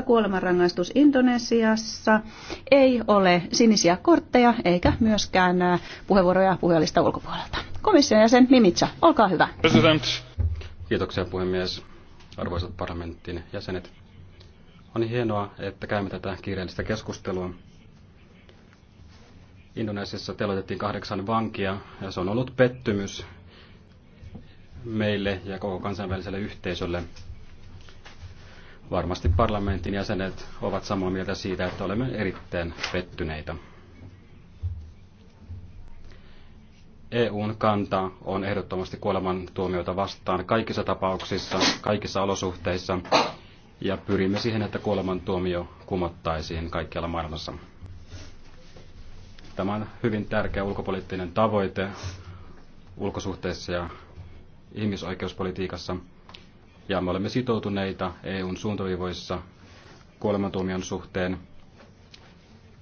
vasta kuolemanrangaistus Indonesiassa. Ei ole sinisiä kortteja eikä myöskään äh, puheenvuoroja puhujalista ulkopuolelta. Komission jäsen Mimitsa, olkaa hyvä. President. Kiitoksia puhemies. Arvoisat parlamentin jäsenet. On hienoa, että käymme tätä kiireellistä keskustelua. Indonesiassa teloitettiin kahdeksan vankia ja se on ollut pettymys meille ja koko kansainväliselle yhteisölle. Varmasti parlamentin jäsenet ovat samaa mieltä siitä, että olemme erittäin pettyneitä. EUn kanta on ehdottomasti kuolemantuomioita vastaan kaikissa tapauksissa, kaikissa olosuhteissa, ja pyrimme siihen, että kuolemantuomio kumottaisiin kaikkialla maailmassa. Tämä on hyvin tärkeä ulkopoliittinen tavoite ulkosuhteissa ja ihmisoikeuspolitiikassa ja me olemme sitoutuneita EUn suuntaviivoissa kuolemantuomion suhteen.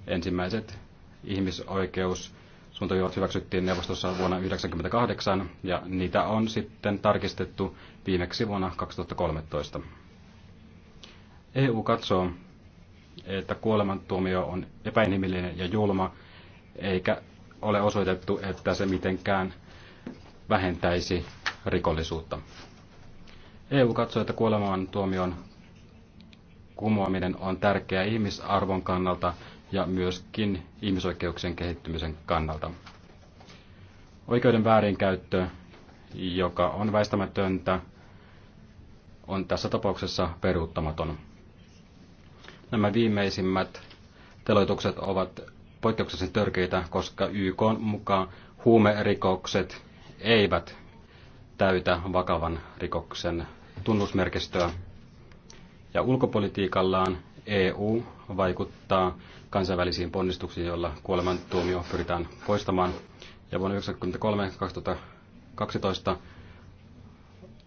Ensimmäiset ihmisoikeus suuntaviivat hyväksyttiin neuvostossa vuonna 1998 ja niitä on sitten tarkistettu viimeksi vuonna 2013. EU katsoo, että kuolemantuomio on epäinhimillinen ja julma, eikä ole osoitettu, että se mitenkään vähentäisi rikollisuutta. EU katsoo, että kuoleman tuomion kumoaminen on tärkeää ihmisarvon kannalta ja myöskin ihmisoikeuksien kehittymisen kannalta. Oikeuden väärinkäyttö, joka on väistämätöntä, on tässä tapauksessa peruuttamaton. Nämä viimeisimmät teloitukset ovat poikkeuksellisen törkeitä, koska YK mukaan huumerikokset eivät täytä vakavan rikoksen tunnusmerkistöä. Ja ulkopolitiikallaan EU vaikuttaa kansainvälisiin ponnistuksiin, joilla kuolemantuomio pyritään poistamaan. Ja vuonna 1993-2012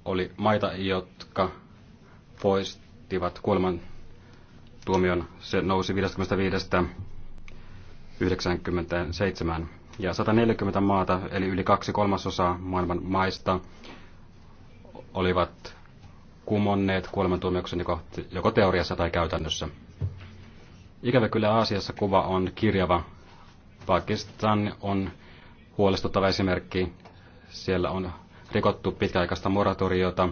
oli maita, jotka poistivat kuolemantuomion. Se nousi 55 97 ja 140 maata, eli yli kaksi kolmasosaa maailman maista, olivat kumonneet kuolemantuomioksen joko teoriassa tai käytännössä. Ikävä kyllä Aasiassa kuva on kirjava. Pakistan on huolestuttava esimerkki. Siellä on rikottu pitkäaikaista moratoriota.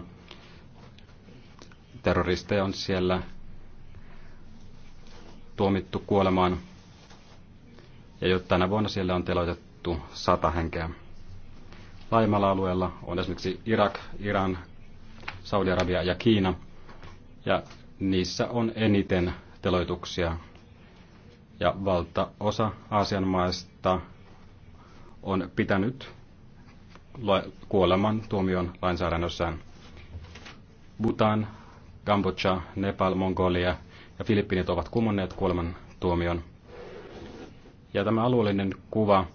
Terroristeja on siellä tuomittu kuolemaan. Ja jo tänä vuonna siellä on teloitettu sata henkeä. Laajemmalla alueella on esimerkiksi Irak, Iran, Saudi-Arabia ja Kiina. Ja niissä on eniten teloituksia. Ja valtaosa Aasian maista on pitänyt kuoleman tuomion lainsäädännössään. Bhutan, Kambodža, Nepal, Mongolia ja Filippiinit ovat kumonneet kuoleman tuomion. Ja tämä alueellinen kuva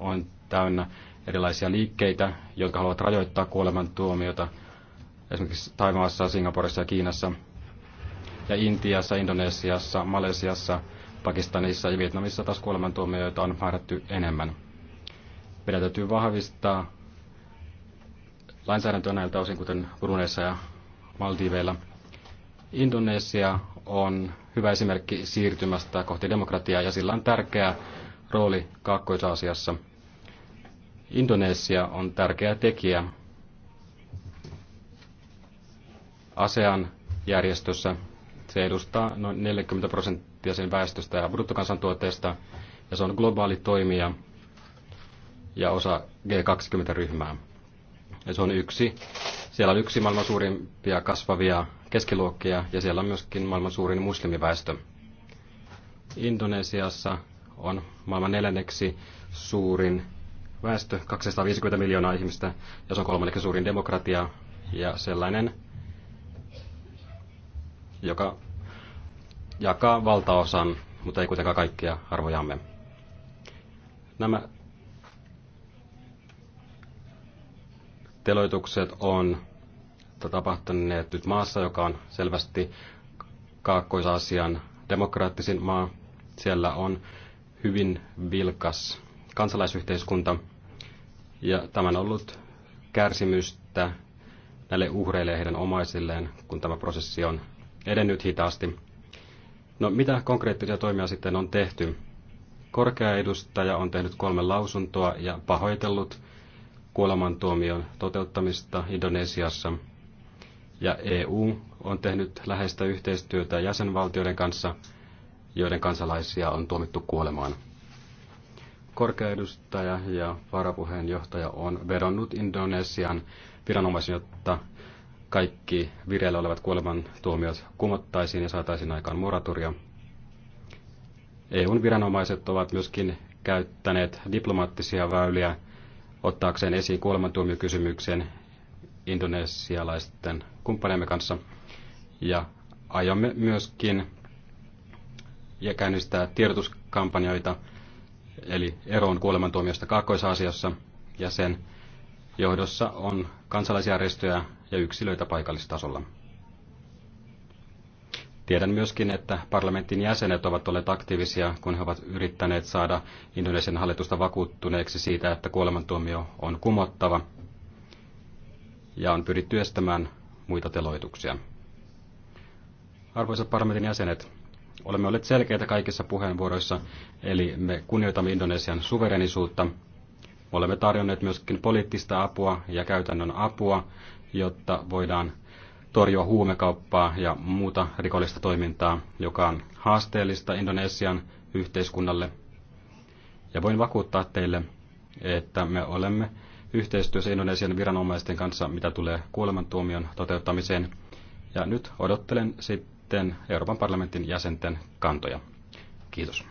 on täynnä erilaisia liikkeitä, jotka haluavat rajoittaa tuomiota – esimerkiksi Taimaassa, Singaporessa ja Kiinassa, ja Intiassa, Indonesiassa, Malesiassa, Pakistanissa ja Vietnamissa taas kuolemantuomioita on määrätty enemmän. Meidän täytyy vahvistaa lainsäädäntöä näiltä osin, kuten Bruneissa ja Maldiveilla. Indonesia on hyvä esimerkki siirtymästä kohti demokratiaa ja sillä on tärkeä rooli Kaakkois-Aasiassa. Indonesia on tärkeä tekijä ASEAN järjestössä. Se edustaa noin 40 prosenttia sen väestöstä ja bruttokansantuotteesta, ja se on globaali toimija ja osa G20-ryhmää. Ja se on yksi, siellä on yksi maailman suurimpia kasvavia keskiluokkia, ja siellä on myöskin maailman suurin muslimiväestö. Indonesiassa on maailman neljänneksi suurin väestö, 250 miljoonaa ihmistä, ja se on kolmanneksi suurin demokratia, ja sellainen joka jakaa valtaosan, mutta ei kuitenkaan kaikkia arvojamme. Nämä teloitukset on tapahtuneet nyt maassa, joka on selvästi Kaakkois-Aasian demokraattisin maa. Siellä on hyvin vilkas kansalaisyhteiskunta ja tämän on ollut kärsimystä näille uhreille ja heidän omaisilleen, kun tämä prosessi on edennyt hitaasti. No mitä konkreettisia toimia sitten on tehty? Korkea edustaja on tehnyt kolme lausuntoa ja pahoitellut kuolemantuomion toteuttamista Indonesiassa. Ja EU on tehnyt läheistä yhteistyötä jäsenvaltioiden kanssa, joiden kansalaisia on tuomittu kuolemaan. Korkea edustaja ja varapuheenjohtaja on vedonnut Indonesian viranomaisen, jotta kaikki vireillä olevat kuolemantuomiot kumottaisiin ja saataisiin aikaan moratoria. EUn viranomaiset ovat myöskin käyttäneet diplomaattisia väyliä ottaakseen esiin kuolemantuomiokysymyksen indonesialaisten kumppaneemme kanssa. Ja aiomme myöskin ja käynnistää tiedotuskampanjoita, eli eroon kuolemantuomiosta kaakkoisasiassa, ja sen johdossa on kansalaisjärjestöjä, ja yksilöitä paikallistasolla. Tiedän myöskin, että parlamentin jäsenet ovat olleet aktiivisia, kun he ovat yrittäneet saada Indonesian hallitusta vakuuttuneeksi siitä, että kuolemantuomio on kumottava ja on pyritty estämään muita teloituksia. Arvoisat parlamentin jäsenet, olemme olleet selkeitä kaikissa puheenvuoroissa, eli me kunnioitamme Indonesian suverenisuutta. Olemme tarjonneet myöskin poliittista apua ja käytännön apua jotta voidaan torjua huumekauppaa ja muuta rikollista toimintaa, joka on haasteellista Indonesian yhteiskunnalle. Ja voin vakuuttaa teille, että me olemme yhteistyössä Indonesian viranomaisten kanssa, mitä tulee kuolemantuomion toteuttamiseen. Ja nyt odottelen sitten Euroopan parlamentin jäsenten kantoja. Kiitos.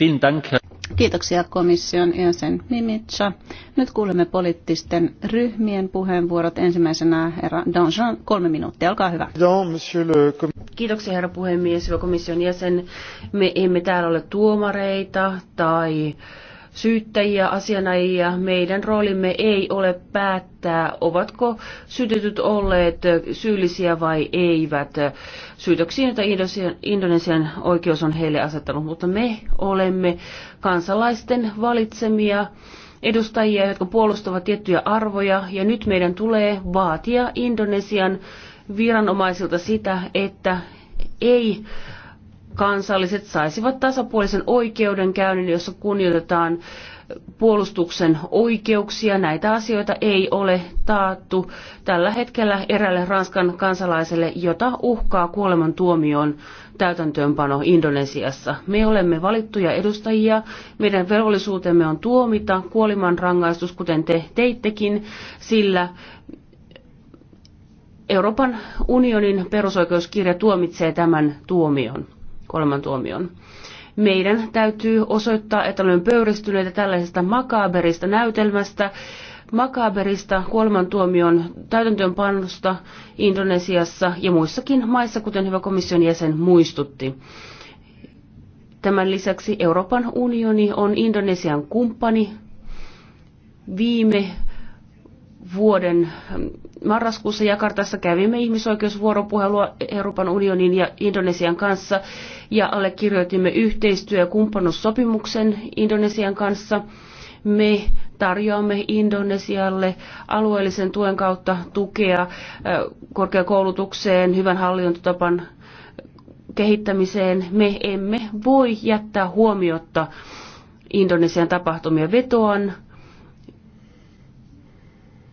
Vielen Kiitoksia komission jäsen Mimitsa. Nyt kuulemme poliittisten ryhmien puheenvuorot. Ensimmäisenä herra Danjean, kolme minuuttia, olkaa hyvä. Kiitoksia herra puhemies, hyvä komission jäsen. Me emme täällä ole tuomareita tai syyttäjiä, asianajia. Meidän roolimme ei ole päättää, ovatko syytetyt olleet syyllisiä vai eivät. Syytöksiä, joita Indonesian oikeus on heille asettanut, mutta me olemme kansalaisten valitsemia edustajia, jotka puolustavat tiettyjä arvoja, ja nyt meidän tulee vaatia Indonesian viranomaisilta sitä, että ei kansalliset saisivat tasapuolisen oikeudenkäynnin, jossa kunnioitetaan puolustuksen oikeuksia. Näitä asioita ei ole taattu tällä hetkellä erälle Ranskan kansalaiselle, jota uhkaa kuolemantuomioon täytäntöönpano Indonesiassa. Me olemme valittuja edustajia. Meidän velvollisuutemme on tuomita kuoliman rangaistus, kuten te teittekin, sillä Euroopan unionin perusoikeuskirja tuomitsee tämän tuomion kuolemantuomion. Meidän täytyy osoittaa, että olemme pöyristyneitä tällaisesta makaberista näytelmästä, makaberista kuolemantuomion täytäntöönpanosta Indonesiassa ja muissakin maissa, kuten hyvä komission jäsen muistutti. Tämän lisäksi Euroopan unioni on Indonesian kumppani. Viime vuoden marraskuussa Jakartassa kävimme ihmisoikeusvuoropuhelua Euroopan unionin ja Indonesian kanssa ja allekirjoitimme yhteistyö- ja kumppanuussopimuksen Indonesian kanssa. Me tarjoamme Indonesialle alueellisen tuen kautta tukea korkeakoulutukseen, hyvän hallintotapan kehittämiseen. Me emme voi jättää huomiotta Indonesian tapahtumia vetoan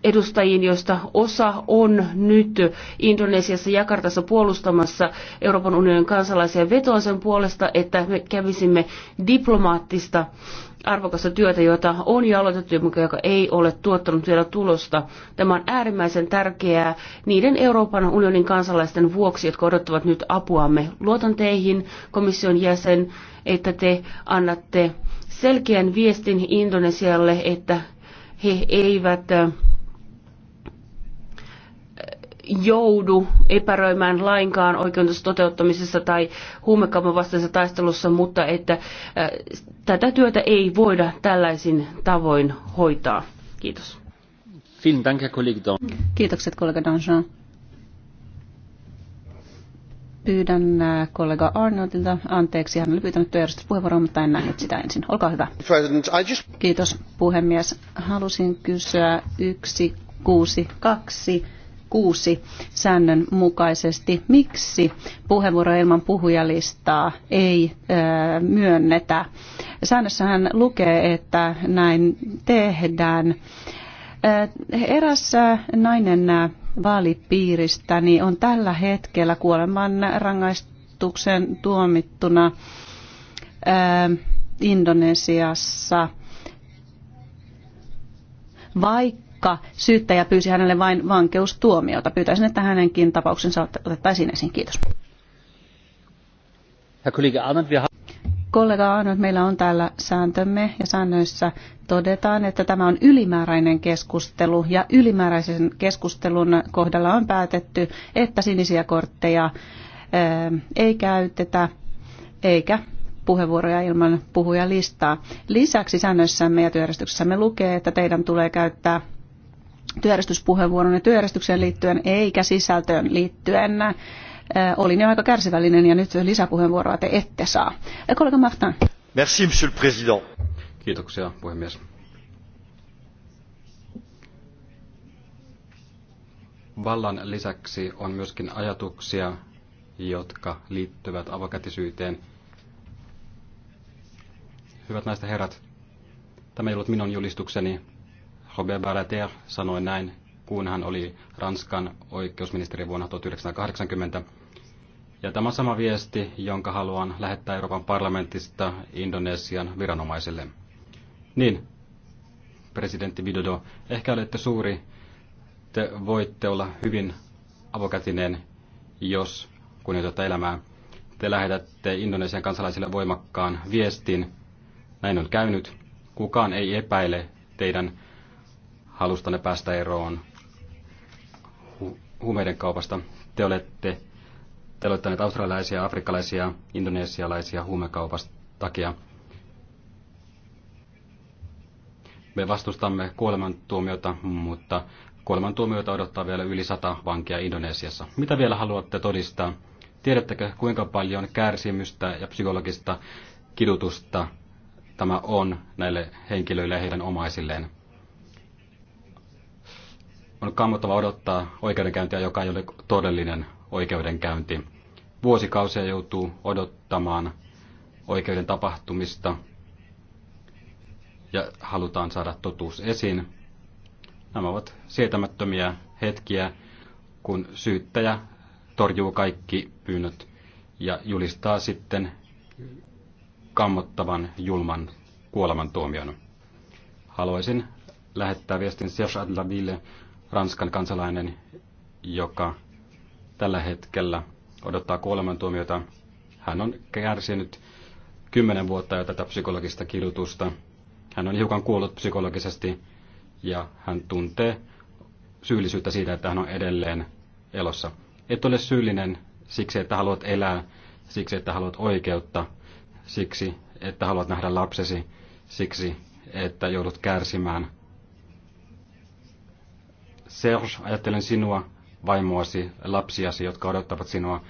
edustajiin, joista osa on nyt Indonesiassa Jakartassa puolustamassa Euroopan unionin kansalaisia vetoa sen puolesta, että me kävisimme diplomaattista arvokasta työtä, jota on jo aloitettu, mutta joka ei ole tuottanut vielä tulosta. Tämä on äärimmäisen tärkeää niiden Euroopan unionin kansalaisten vuoksi, jotka odottavat nyt apuamme. Luotan teihin, komission jäsen, että te annatte selkeän viestin Indonesialle, että he eivät joudu epäröimään lainkaan oikeutensa toteuttamisessa tai huumekaupan vastaisessa taistelussa, mutta että äh, tätä työtä ei voida tällaisin tavoin hoitaa. Kiitos. Kiitokset kollega Danjean. Pyydän äh, kollega Arnoldilta anteeksi. Hän oli pyytänyt työjärjestyspuheenvuoroa, mutta en nähnyt sitä ensin. Olkaa hyvä. just. Kiitos puhemies. Halusin kysyä yksi kuusi kaksi Kuusi säännön mukaisesti. Miksi puheenvuoro ilman puhujalistaa ei ö, myönnetä? Säännössähän lukee, että näin tehdään. Eräs nainen vaalipiiristäni niin on tällä hetkellä kuoleman rangaistuksen tuomittuna Indonesiassa, vaikka vaikka syyttäjä pyysi hänelle vain vankeustuomiota. Pyytäisin, että hänenkin tapauksensa otettaisiin esiin. Kiitos. Kollega Arnold, meillä on täällä sääntömme ja säännöissä todetaan, että tämä on ylimääräinen keskustelu ja ylimääräisen keskustelun kohdalla on päätetty, että sinisiä kortteja eh, ei käytetä eikä puheenvuoroja ilman puhujalistaa. Lisäksi säännöissämme ja työjärjestyksessämme lukee, että teidän tulee käyttää työjärjestyspuheenvuoron ja työjärjestykseen liittyen eikä sisältöön liittyen. Olin jo aika kärsivällinen ja nyt lisäpuheenvuoroa te ette saa. Kollega Martin. Merci, monsieur le président. Kiitoksia, puhemies. Vallan lisäksi on myöskin ajatuksia, jotka liittyvät avokätisyyteen. Hyvät naiset herrat, tämä ei ollut minun julistukseni, Robert Barater sanoi näin, kun hän oli Ranskan oikeusministeri vuonna 1980. Ja tämä sama viesti, jonka haluan lähettää Euroopan parlamentista Indonesian viranomaisille. Niin, presidentti Widodo, ehkä olette suuri, te voitte olla hyvin avokätinen, jos kunnioitatte elämää. Te lähetätte Indonesian kansalaisille voimakkaan viestin. Näin on käynyt. Kukaan ei epäile teidän halustanne päästä eroon hu- huumeiden kaupasta. Te olette teloittaneet australialaisia, afrikkalaisia, indonesialaisia huumekaupasta takia. Me vastustamme kuolemantuomiota, mutta kuolemantuomiota odottaa vielä yli sata vankia Indonesiassa. Mitä vielä haluatte todistaa? Tiedättekö, kuinka paljon kärsimystä ja psykologista kidutusta tämä on näille henkilöille ja heidän omaisilleen? On kammottava odottaa oikeudenkäyntiä, joka ei ole todellinen oikeudenkäynti. Vuosikausia joutuu odottamaan oikeuden tapahtumista ja halutaan saada totuus esiin. Nämä ovat sietämättömiä hetkiä, kun syyttäjä torjuu kaikki pyynnöt ja julistaa sitten kammottavan julman kuolemantuomion. Haluaisin lähettää viestin Serge Adlaville, Ranskan kansalainen, joka tällä hetkellä odottaa kuolemantuomiota. Hän on kärsinyt kymmenen vuotta jo tätä psykologista kidutusta. Hän on hiukan kuollut psykologisesti ja hän tuntee syyllisyyttä siitä, että hän on edelleen elossa. Et ole syyllinen siksi, että haluat elää, siksi, että haluat oikeutta, siksi, että haluat nähdä lapsesi, siksi, että joudut kärsimään – Serge, ajattelen sinua, vaimoasi, lapsiasi, jotka odottavat sinua.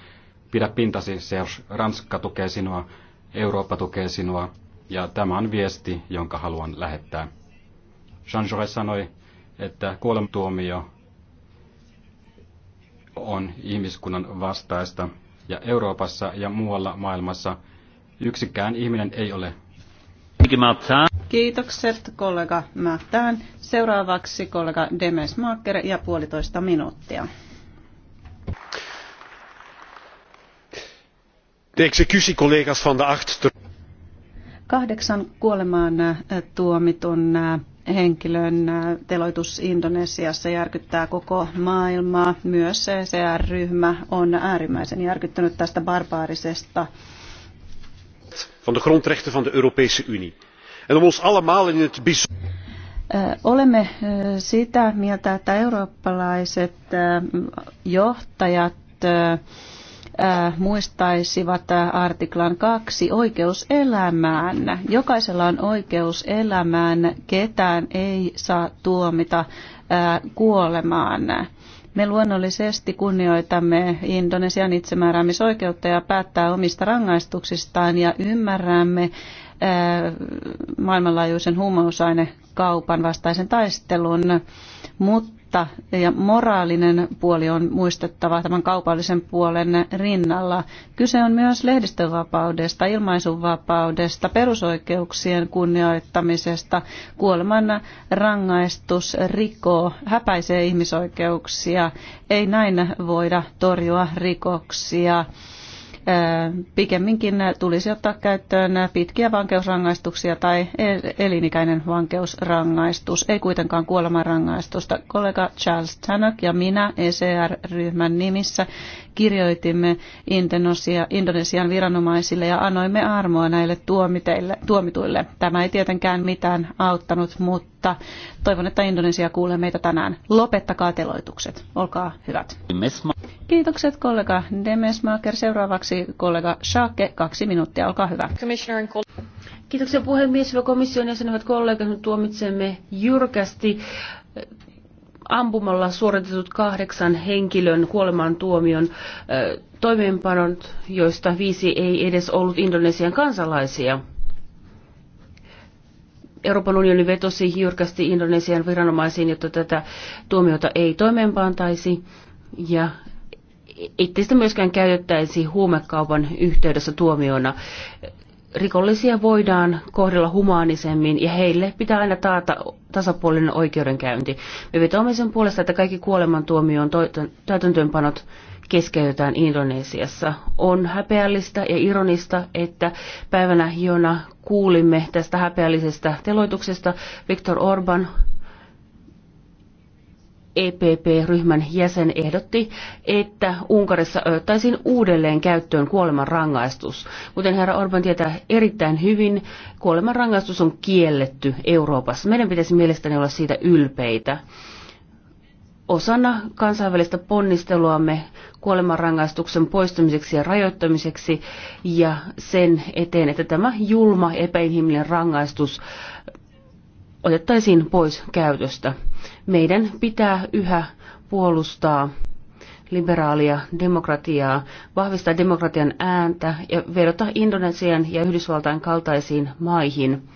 Pidä pintasi, Serge. Ranska tukee sinua, Eurooppa tukee sinua. Ja tämä on viesti, jonka haluan lähettää. Jean Jaurès sanoi, että kuolemantuomio on ihmiskunnan vastaista. Ja Euroopassa ja muualla maailmassa yksikään ihminen ei ole. Kiitokset kollega Mätään. Seuraavaksi kollega Demesmaker ja puolitoista minuuttia. De executiecollega's van de acht... Kahdeksan kuolemaan äh, tuomitun äh, henkilön äh, teloitus Indonesiassa järkyttää koko maailmaa. Myös CCR-ryhmä on äärimmäisen järkyttynyt tästä barbaarisesta van de grondrechten van de Europese Unie en om ons allemaal in het bijzonder. Eh, olemme eh, sitä mieltä, että eurooppalaiset eh, johtajat muistaisivat artiklan kaksi oikeus elämään. Jokaisella on oikeus elämään, ketään ei saa tuomita kuolemaan. Me luonnollisesti kunnioitamme Indonesian itsemääräämisoikeutta ja päättää omista rangaistuksistaan ja ymmärrämme, Äh, maailmanlaajuisen huumausainekaupan vastaisen taistelun, mutta ja moraalinen puoli on muistettava tämän kaupallisen puolen rinnalla. Kyse on myös lehdistönvapaudesta, ilmaisunvapaudesta, perusoikeuksien kunnioittamisesta. Kuoleman rangaistus rikoo, häpäisee ihmisoikeuksia. Ei näin voida torjua rikoksia pikemminkin tulisi ottaa käyttöön pitkiä vankeusrangaistuksia tai elinikäinen vankeusrangaistus, ei kuitenkaan kuolemanrangaistusta. Kollega Charles Tannock ja minä ECR-ryhmän nimissä kirjoitimme Indonesian viranomaisille ja annoimme armoa näille tuomituille. Tämä ei tietenkään mitään auttanut, mutta mutta toivon, että Indonesia kuulee meitä tänään. Lopettakaa teloitukset. Olkaa hyvät. Kiitokset kollega Demesmaker. Seuraavaksi kollega Schaake, kaksi minuuttia. Olkaa hyvä. Kiitoksia puhemies. Hyvä komission jäsenet, kollegat, nyt tuomitsemme jyrkästi eh, ampumalla suoritetut kahdeksan henkilön kuolemantuomion eh, toimeenpanot, joista viisi ei edes ollut Indonesian kansalaisia. Euroopan unioni vetosi jyrkästi Indonesian viranomaisiin, jotta tätä tuomiota ei toimeenpantaisi ja itse sitä myöskään käytettäisi huumekaupan yhteydessä tuomiona. Rikollisia voidaan kohdella humaanisemmin ja heille pitää aina taata tasapuolinen oikeudenkäynti. Me vetoamme sen puolesta, että kaikki kuolemantuomioon täytäntöönpanot keskeytetään Indonesiassa. On häpeällistä ja ironista, että päivänä, jona kuulimme tästä häpeällisestä teloituksesta, Viktor Orban, EPP-ryhmän jäsen ehdotti, että Unkarissa ottaisiin uudelleen käyttöön kuolemanrangaistus. Kuten herra Orban tietää erittäin hyvin, kuolemanrangaistus on kielletty Euroopassa. Meidän pitäisi mielestäni olla siitä ylpeitä osana kansainvälistä ponnisteluamme kuolemanrangaistuksen poistamiseksi ja rajoittamiseksi ja sen eteen, että tämä julma epäinhimillinen rangaistus otettaisiin pois käytöstä. Meidän pitää yhä puolustaa liberaalia demokratiaa, vahvistaa demokratian ääntä ja vedota Indonesian ja Yhdysvaltain kaltaisiin maihin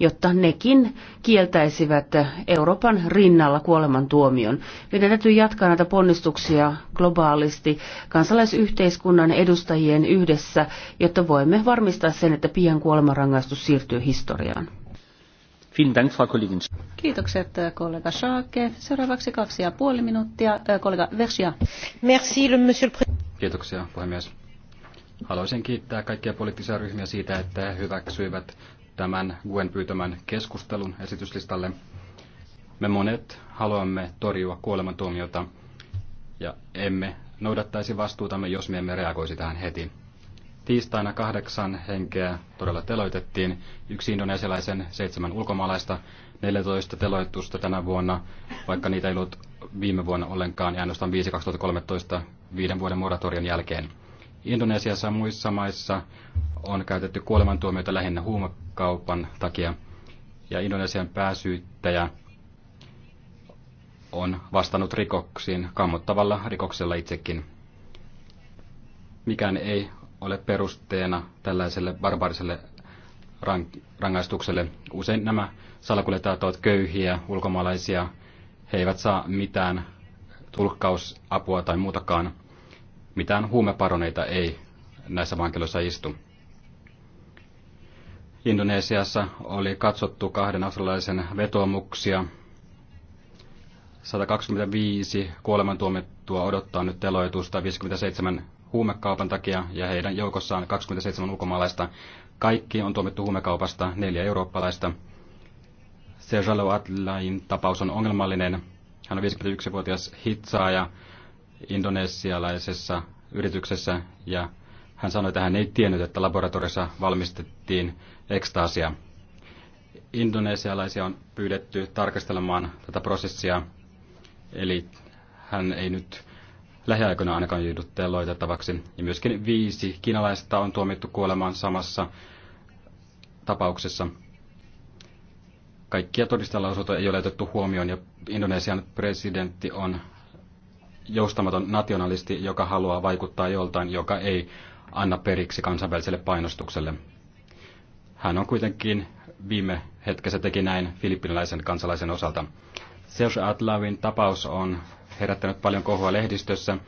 jotta nekin kieltäisivät Euroopan rinnalla kuolemantuomion. Meidän täytyy jatkaa näitä ponnistuksia globaalisti kansalaisyhteiskunnan edustajien yhdessä, jotta voimme varmistaa sen, että pian kuolemanrangaistus siirtyy historiaan. Kiitokset äh, kollega Schaake. Seuraavaksi kaksi ja puoli minuuttia. Äh, kollega Versia. Merci, monsieur le Kiitoksia puhemies. Haluaisin kiittää kaikkia poliittisia ryhmiä siitä, että he hyväksyivät tämän Guen pyytämän keskustelun esityslistalle. Me monet haluamme torjua kuolemantuomiota ja emme noudattaisi vastuutamme, jos me emme reagoisi tähän heti. Tiistaina kahdeksan henkeä todella teloitettiin, yksi indonesialaisen, seitsemän ulkomaalaista, 14 teloitusta tänä vuonna, vaikka niitä ei ollut viime vuonna ollenkaan ja ainoastaan 5 2013 viiden vuoden moratorion jälkeen. Indonesiassa ja muissa maissa on käytetty kuolemantuomioita lähinnä huuma- kaupan takia. Ja Indonesian pääsyyttäjä on vastannut rikoksiin kammottavalla rikoksella itsekin. Mikään ei ole perusteena tällaiselle barbaariselle rangaistukselle. Usein nämä salakuljettajat ovat köyhiä, ulkomaalaisia. He eivät saa mitään tulkkausapua tai muutakaan. Mitään huumeparoneita ei näissä vankiloissa istu. Indonesiassa oli katsottu kahden australialaisen vetomuksia. 125 kuolemantuomittua odottaa nyt teloitusta 57 huumekaupan takia ja heidän joukossaan 27 ulkomaalaista. Kaikki on tuomittu huumekaupasta, neljä eurooppalaista. Sejalo Atlain tapaus on ongelmallinen. Hän on 51-vuotias hitsaaja indonesialaisessa yrityksessä ja hän sanoi, että hän ei tiennyt, että laboratoriossa valmistettiin ekstaasia. Indonesialaisia on pyydetty tarkastelemaan tätä prosessia, eli hän ei nyt lähiaikoina ainakaan joudu teloitettavaksi. Ja myöskin viisi kiinalaista on tuomittu kuolemaan samassa tapauksessa. Kaikkia todistajalausuntoja ei ole otettu huomioon ja Indonesian presidentti on joustamaton nationalisti, joka haluaa vaikuttaa joltain, joka ei anna periksi kansainväliselle painostukselle. Hän on kuitenkin viime hetkessä teki näin filippiniläisen kansalaisen osalta. Serge Atlavin tapaus on herättänyt paljon kohua lehdistössä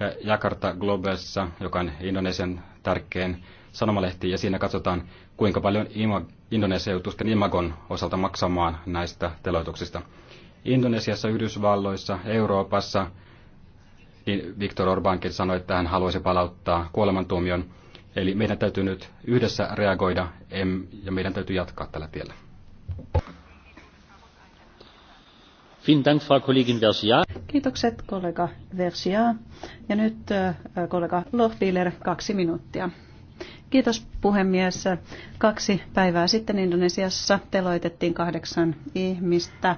ja Jakarta Globessa, joka on Indonesian tärkein sanomalehti, ja siinä katsotaan, kuinka paljon Indonesia joutuu Imagon osalta maksamaan näistä teloituksista. Indonesiassa, Yhdysvalloissa, Euroopassa niin Viktor Orbankin sanoi, että hän haluaisi palauttaa kuolemantuomion. Eli meidän täytyy nyt yhdessä reagoida ja meidän täytyy jatkaa tällä tiellä. Kiitokset kollega Versia. Ja nyt äh, kollega Lohbiler, kaksi minuuttia. Kiitos puhemies. Kaksi päivää sitten Indonesiassa teloitettiin kahdeksan ihmistä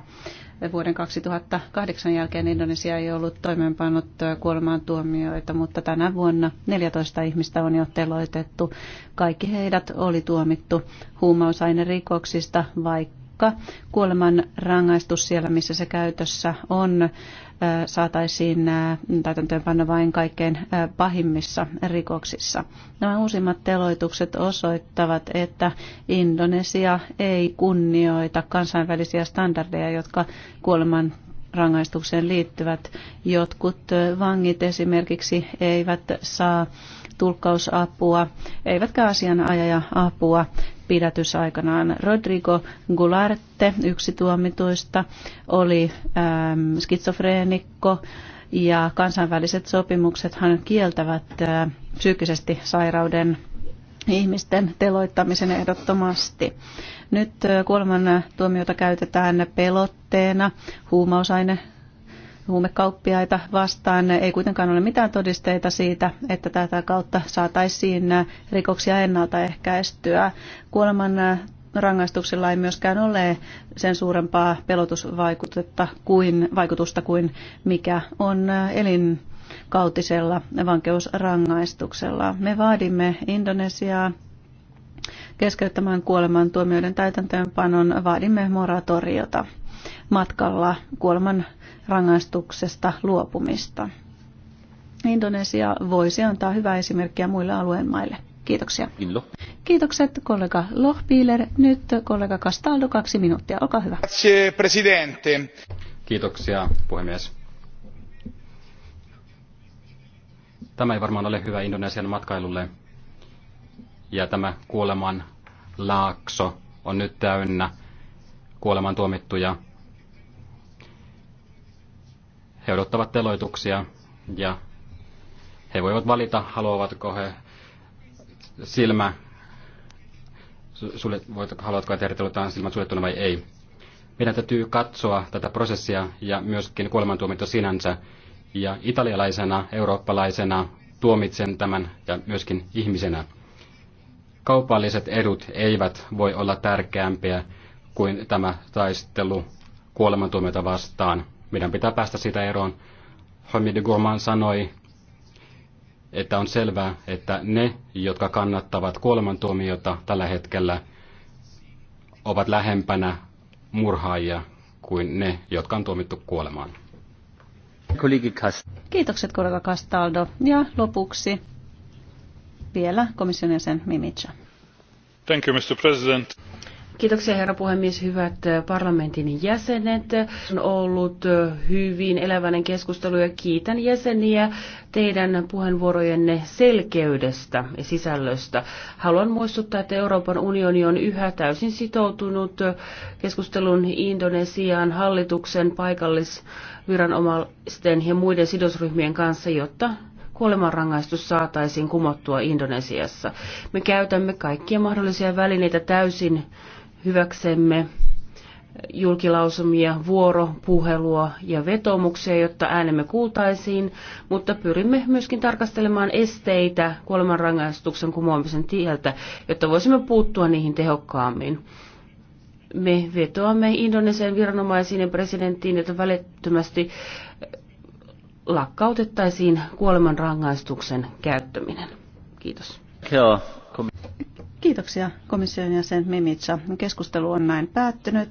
vuoden 2008 jälkeen Indonesia ei ollut toimeenpannut kuolemaantuomioita, mutta tänä vuonna 14 ihmistä on jo teloitettu. Kaikki heidät oli tuomittu huumausainerikoksista, vaikka taikka kuoleman rangaistus siellä, missä se käytössä on, saataisiin täytäntöönpanna vain kaikkein pahimmissa rikoksissa. Nämä uusimmat teloitukset osoittavat, että Indonesia ei kunnioita kansainvälisiä standardeja, jotka kuoleman rangaistukseen liittyvät. Jotkut vangit esimerkiksi eivät saa tulkkausapua, eivätkä asianajaja apua pidätys aikanaan. Rodrigo Gularte, yksi tuomituista, oli ähm, skitsofreenikko ja kansainväliset sopimuksethan kieltävät äh, psyykkisesti sairauden ihmisten teloittamisen ehdottomasti. Nyt äh, kuoleman tuomiota käytetään pelotteena, huumausaine huumekauppiaita vastaan. Ei kuitenkaan ole mitään todisteita siitä, että tätä kautta saataisiin rikoksia ennaltaehkäistyä. Kuoleman rangaistuksilla ei myöskään ole sen suurempaa pelotusvaikutusta kuin, vaikutusta kuin mikä on elinkautisella vankeusrangaistuksella. Me vaadimme Indonesiaa keskeyttämään kuoleman tuomioiden täytäntöönpanon, vaadimme moratoriota matkalla kuoleman rangaistuksesta luopumista. Indonesia voisi antaa hyvää esimerkkiä muille alueen maille. Kiitoksia. Inlo. Kiitokset kollega Lohpiiler. Nyt kollega Castaldo, kaksi minuuttia. Olkaa hyvä. Kiitoksia, puhemies. Tämä ei varmaan ole hyvä Indonesian matkailulle. Ja tämä kuoleman laakso on nyt täynnä kuoleman tuomittuja. He odottavat teloituksia ja he voivat valita, haluavatko he silmä, suljet, voit, haluatko, he tehdä silmät suljettuna vai ei. Meidän täytyy katsoa tätä prosessia ja myöskin kuolemantuomito sinänsä. Ja italialaisena, eurooppalaisena tuomitsen tämän ja myöskin ihmisenä. Kaupalliset edut eivät voi olla tärkeämpiä kuin tämä taistelu kuolemantuomiota vastaan – meidän pitää päästä siitä eroon. Hamid de Gourmand sanoi, että on selvää, että ne, jotka kannattavat kuolemantuomiota tällä hetkellä, ovat lähempänä murhaajia kuin ne, jotka on tuomittu kuolemaan. Kiitokset kollega Castaldo. Ja lopuksi vielä komission jäsen Mimica. Thank you, Mr. President. Kiitoksia herra puhemies, hyvät parlamentin jäsenet. On ollut hyvin eläväinen keskustelu ja kiitän jäseniä teidän puheenvuorojenne selkeydestä ja sisällöstä. Haluan muistuttaa, että Euroopan unioni on yhä täysin sitoutunut keskustelun Indonesian hallituksen paikallisviranomaisten ja muiden sidosryhmien kanssa, jotta kuolemanrangaistus saataisiin kumottua Indonesiassa. Me käytämme kaikkia mahdollisia välineitä täysin hyväksemme julkilausumia, vuoropuhelua ja vetomuksia, jotta äänemme kuultaisiin, mutta pyrimme myöskin tarkastelemaan esteitä kuolemanrangaistuksen kumoamisen tieltä, jotta voisimme puuttua niihin tehokkaammin. Me vetoamme Indonesian viranomaisiin ja presidenttiin, että välittömästi lakkautettaisiin kuolemanrangaistuksen käyttäminen. Kiitos. Kiitoksia komission jäsen Mimitsa. Keskustelu on näin päättynyt.